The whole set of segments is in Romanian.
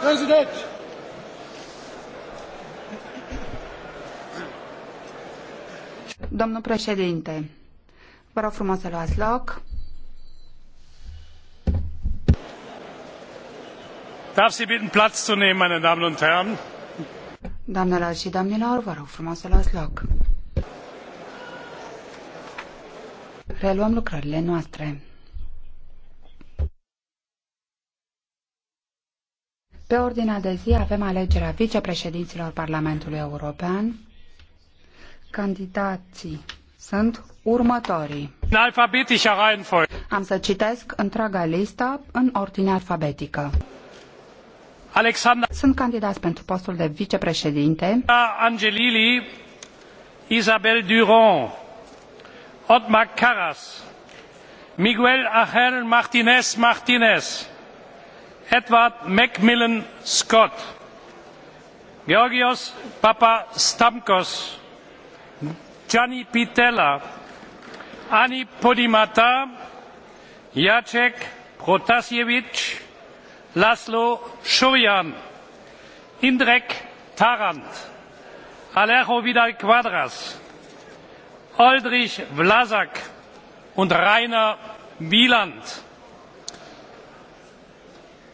President! Domnul președinte, vă rog frumos să luați loc. Darf Sie bitten Platz zu nehmen, meine Damen und Herren? Doamnelor și domnilor, vă rog frumos să luați loc. Reluăm lucrările noastre. Pe ordinea de zi avem alegerea vicepreședinților Parlamentului European. Candidații sunt următorii. În alfabetică, Reihenfolge. Am să citesc întreaga listă în ordine alfabetică. Alexander. Sunt candidați pentru postul de vicepreședinte. Angelili, Isabel Durand, Otmar Karas, Miguel Ángel Martínez Martínez, edward mcmillan scott georgios papastamkos gianni pittella ani podimata jacek protasiewicz lszl surjn indrek tarand alejo vidal quadras oldrich vlasak und rainer wieland.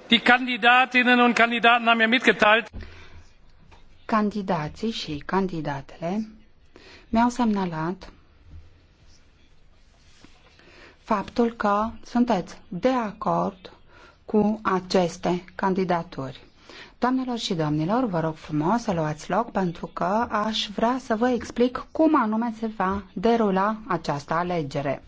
Die Kandidatinnen und Kandidaten haben mir mitgeteilt. Candidații și candidatele mi-au semnalat faptul că sunteți de acord cu aceste candidaturi. Doamnelor și domnilor, vă rog frumos să luați loc pentru că aș vrea să vă explic cum anume se va derula această alegere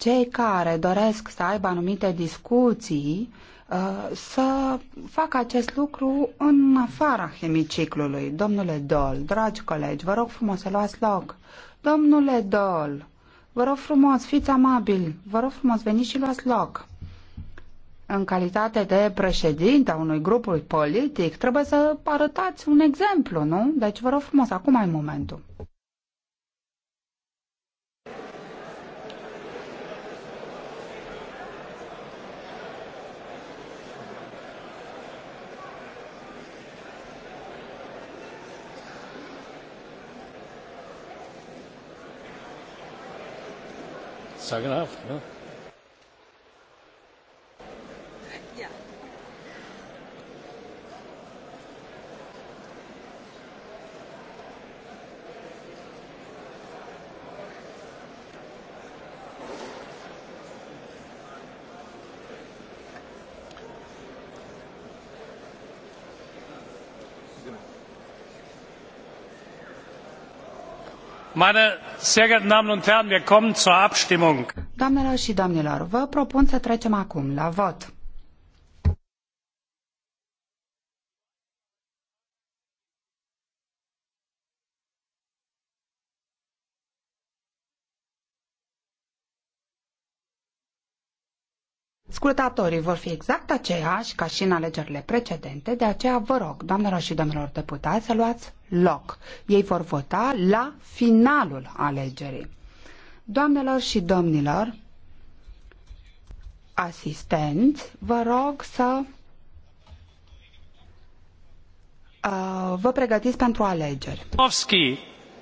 cei care doresc să aibă anumite discuții uh, să facă acest lucru în afara hemiciclului. Domnule Dol, dragi colegi, vă rog frumos să luați loc. Domnule Dol, vă rog frumos, fiți amabili, vă rog frumos, veniți și luați loc. În calitate de președinte a unui grup politic, trebuie să arătați un exemplu, nu? Deci vă rog frumos, acum e momentul. sagen darf. Doamnelor și domnilor, vă propun să trecem acum la vot. Scrutatorii vor fi exact aceiași ca și în alegerile precedente, de aceea vă rog, doamnelor și domnilor deputați, să luați loc. Ei vor vota la finalul alegerii. Doamnelor și domnilor, asistenți, vă rog să uh, vă pregătiți pentru alegeri.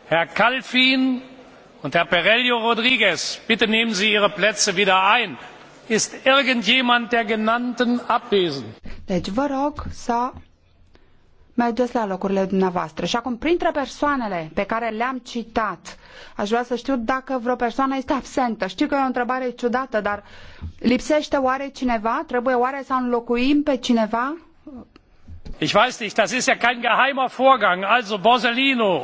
Herr Kalfin und Herr Perello Rodriguez, bitte nehmen Sie Ihre Plätze wieder ein. Ist irgendjemand der genannten abwesend? Deci vă rog să mergeți la locurile dumneavoastră. Și acum, printre persoanele pe care le-am citat, aș vrea să știu dacă vreo persoană este absentă. Știu că e o întrebare ciudată, dar lipsește oare cineva? Trebuie oare să înlocuim pe cineva? Ich weiß nicht, das ist ja kein geheimer Vorgang. Also Borsellino,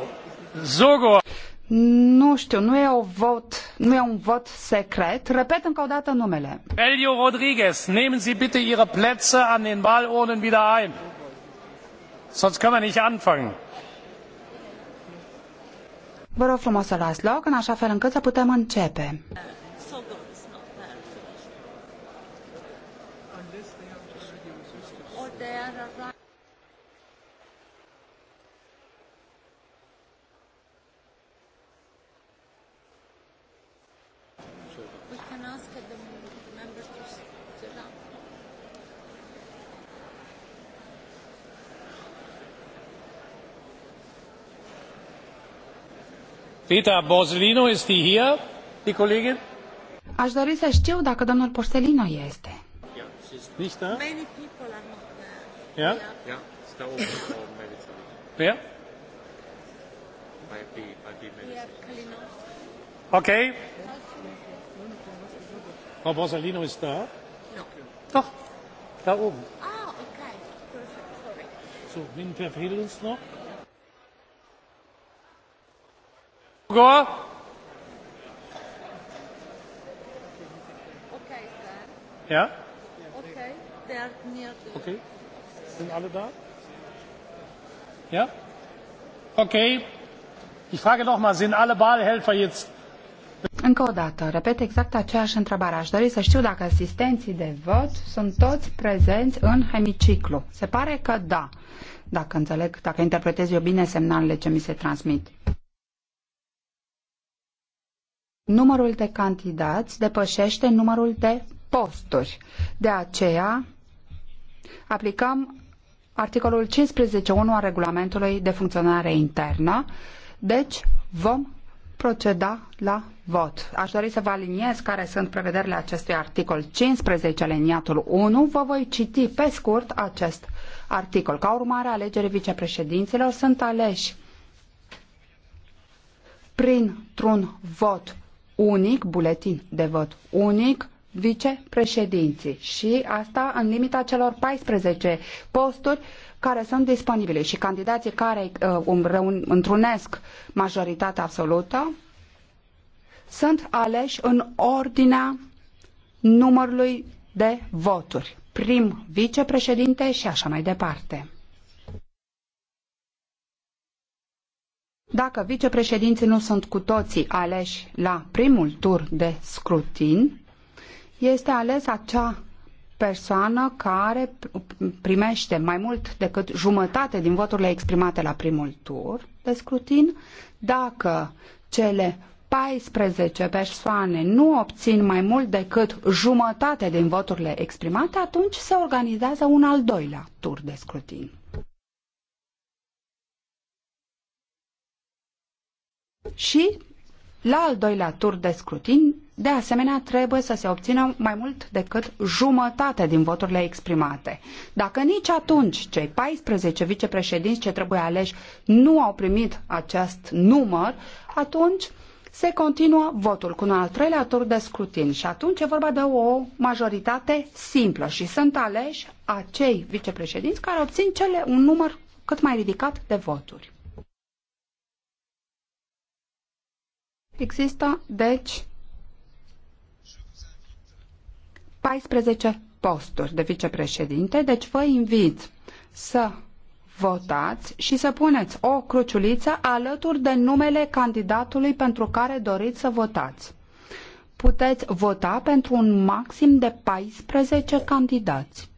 Sogor. Nu știu, nu e, o vot, nu e un vot secret. Repet încă o dată numele. Elio Rodriguez, nehmen Sie bitte Ihre Plätze an den Wahlurnen wieder ein. Sonst können wir nicht anfangen. Vă rog frumos să las loc, în așa fel încât să putem începe. Rita da. Borsellino este aici, die Kollegin? Aș dori să știu dacă domnul Borsellino este. Nicht da? Many people are not there. Yeah, Ja, ist da oben Wer? Bei B, bei B Medizin. Yeah, Kalinowski. Okay. Frau Borsalino ist da. Doch, da oben. Ah, so, wen verfehlt uns noch? Okay, sir. Ja? Okay, Okay. Sind alle da? Ja? Okay. Ich frage noch mal, sind alle Wahlhelfer jetzt încă o dată, repet exact aceeași întrebare. Aș dori să știu dacă asistenții de vot sunt toți prezenți în hemiciclu. Se pare că da, dacă înțeleg, dacă interpretez eu bine semnalele ce mi se transmit. Numărul de candidați depășește numărul de posturi. De aceea aplicăm articolul 15.1 al regulamentului de funcționare internă. Deci vom proceda la vot. Aș dori să vă aliniez care sunt prevederile acestui articol 15, aliniatul 1. Vă voi citi pe scurt acest articol. Ca urmare alegerii vicepreședinților sunt aleși printr-un vot unic, buletin de vot unic, vicepreședinții și asta în limita celor 14 posturi care sunt disponibile și candidații care uh, um, întrunesc majoritatea absolută sunt aleși în ordinea numărului de voturi. Prim vicepreședinte și așa mai departe. Dacă vicepreședinții nu sunt cu toții aleși la primul tur de scrutin, este ales acea persoană care primește mai mult decât jumătate din voturile exprimate la primul tur de scrutin, dacă cele 14 persoane nu obțin mai mult decât jumătate din voturile exprimate, atunci se organizează un al doilea tur de scrutin. Și la al doilea tur de scrutin de asemenea, trebuie să se obțină mai mult decât jumătate din voturile exprimate. Dacă nici atunci cei 14 vicepreședinți ce trebuie aleși nu au primit acest număr, atunci se continuă votul cu un al treilea tur de scrutin și atunci e vorba de o majoritate simplă și sunt aleși acei vicepreședinți care obțin cele un număr cât mai ridicat de voturi. Există, deci, 14 posturi de vicepreședinte, deci vă invit să votați și să puneți o cruciuliță alături de numele candidatului pentru care doriți să votați. Puteți vota pentru un maxim de 14 candidați.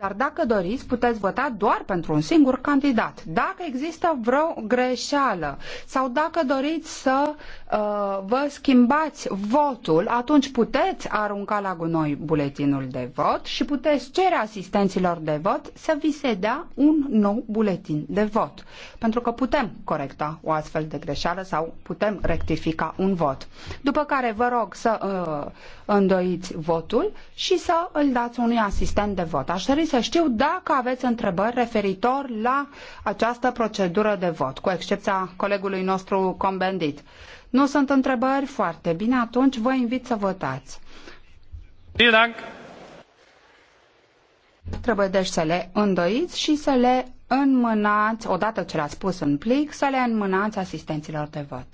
Dar dacă doriți, puteți vota doar pentru un singur candidat. Dacă există vreo greșeală sau dacă doriți să uh, vă schimbați votul, atunci puteți arunca la gunoi buletinul de vot și puteți cere asistenților de vot să vi se dea un nou buletin de vot. Pentru că putem corecta o astfel de greșeală sau putem rectifica un vot. După care vă rog să uh, îndoiți votul și să îl dați unui asistent de vot. Aș să știu dacă aveți întrebări referitor la această procedură de vot, cu excepția colegului nostru combendit. Nu sunt întrebări? Foarte bine, atunci vă invit să votați. Bine, Trebuie deci să le îndoiți și să le înmânați, odată ce le-ați pus în plic, să le înmânați asistenților de vot.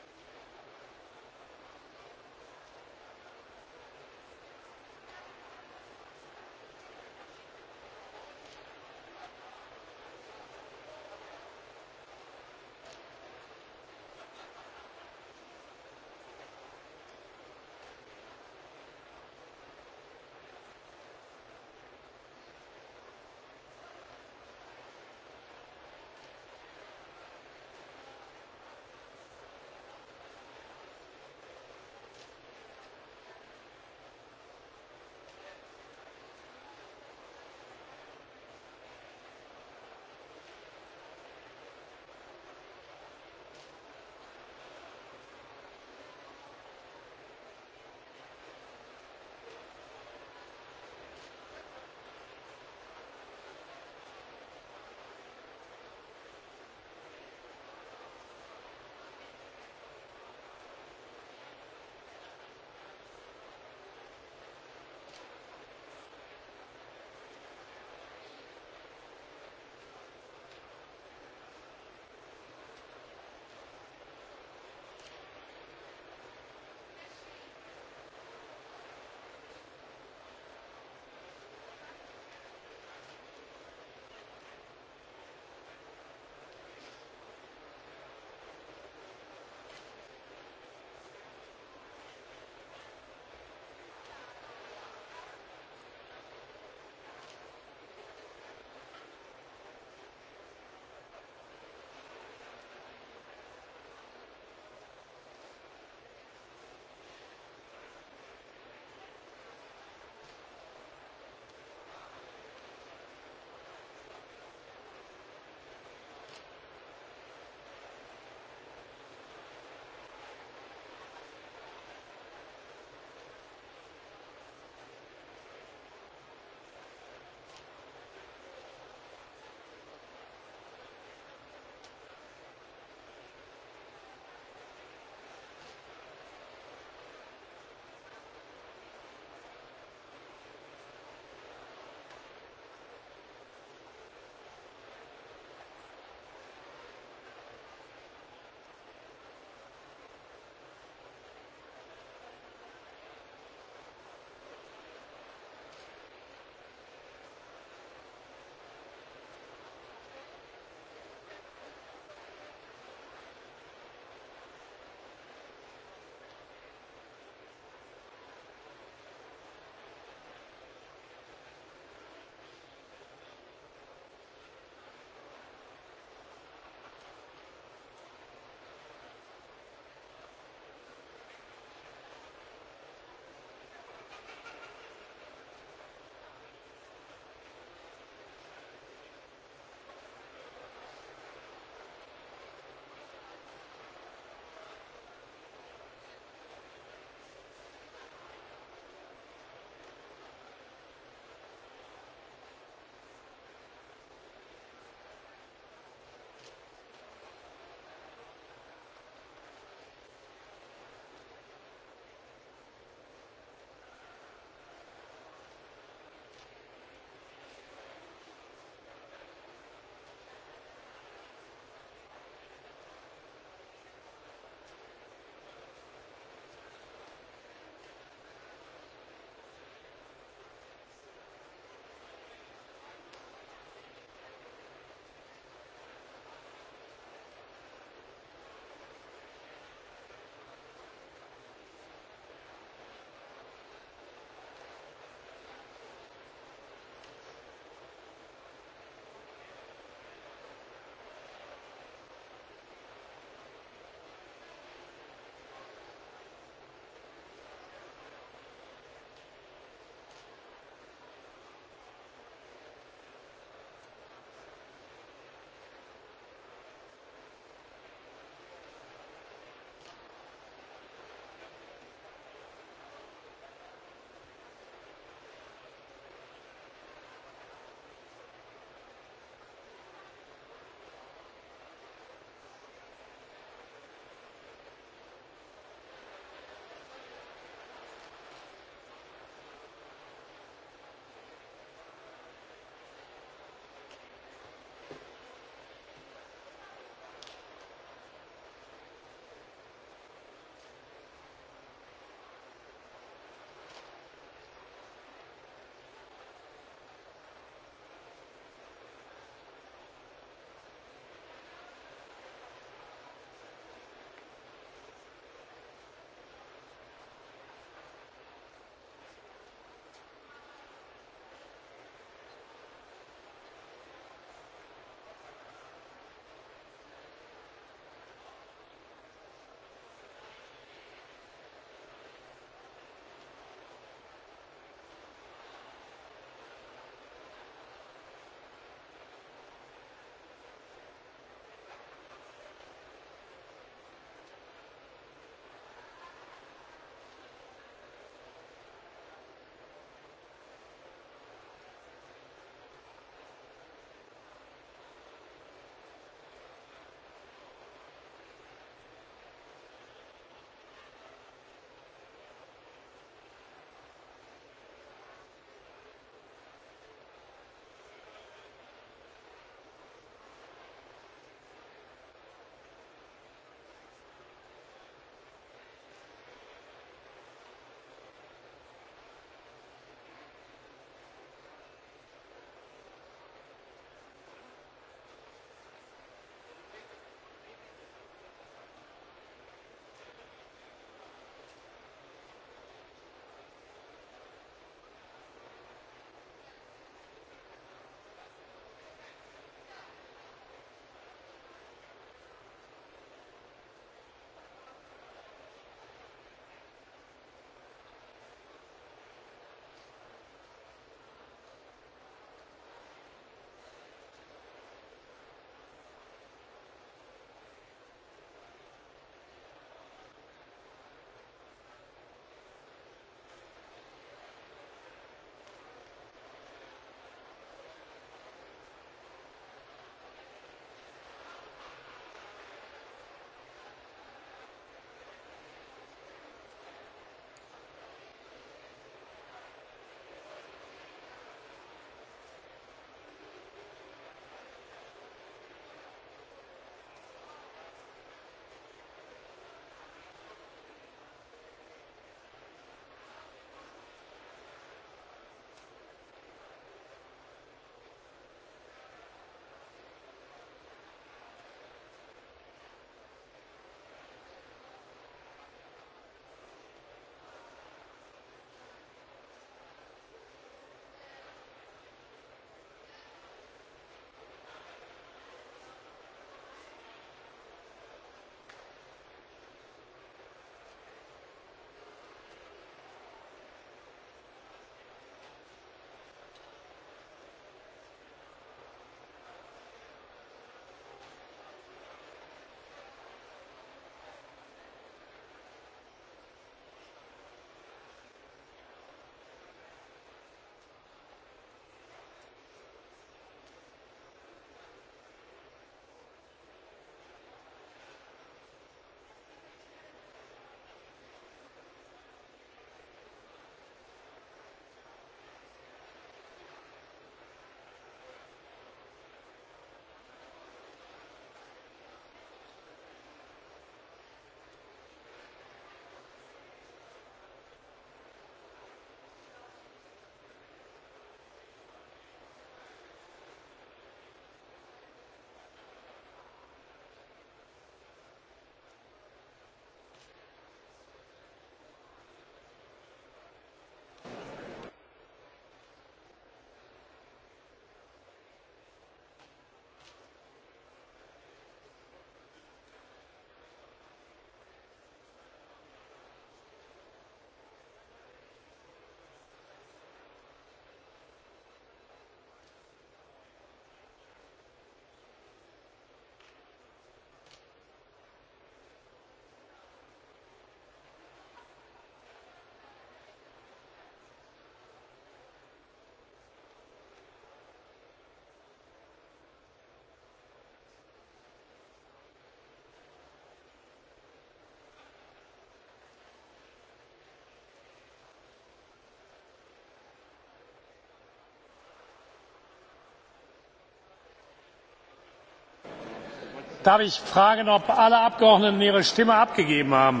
darf ich fragen ob alle abgeordneten ihre stimme abgegeben haben?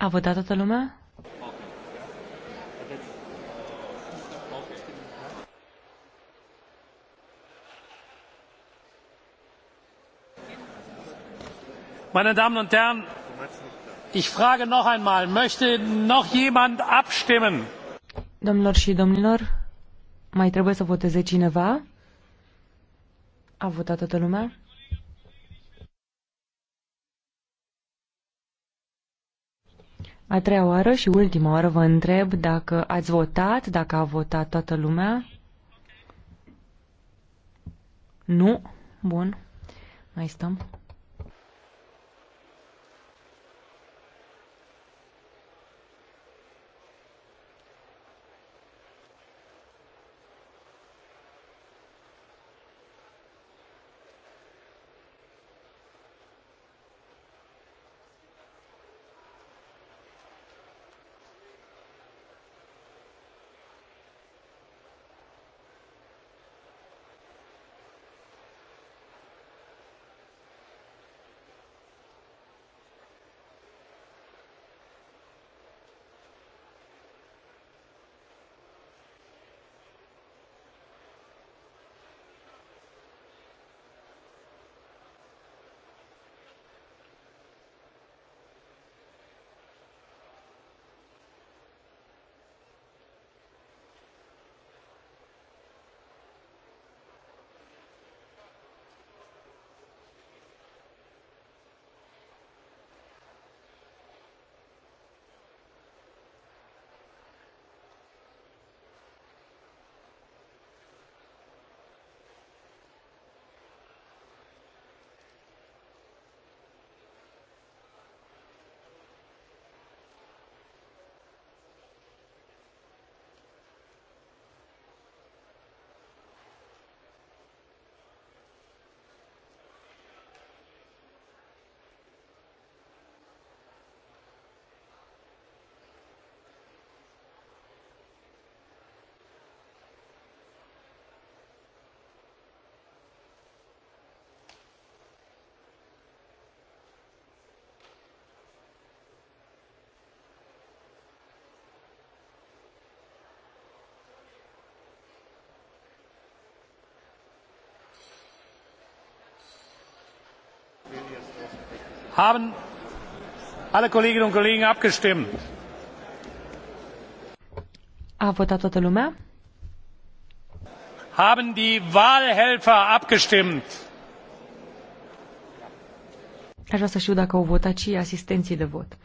A votat toată lumea? Meine Damen und Herren, ich frage noch einmal, möchte noch jemand abstimmen? Domnilor și domnilor, mai trebuie să voteze cineva? A votat toată lumea? A treia oară și ultima oară vă întreb dacă ați votat, dacă a votat toată lumea. Nu? Bun. Mai stăm. haben alle Kolleginnen und Kollegen abgestimmt? A votat toată lumea? Haben die Wahlhelfer abgestimmt? Aș vrea să știu dacă au votat și asistenții de vot.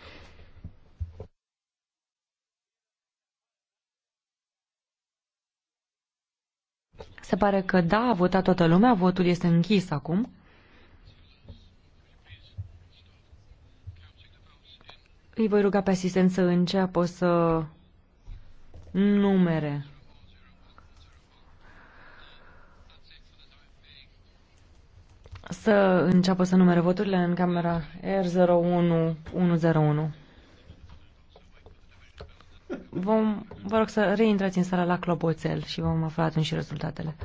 Se pare că da, a votat toată lumea, votul este închis acum. Îi voi ruga pe asistent să înceapă să numere. Să înceapă să numere voturile în camera R01101. Vom, vă rog să reintrați în sala la clopoțel și vom afla atunci și rezultatele.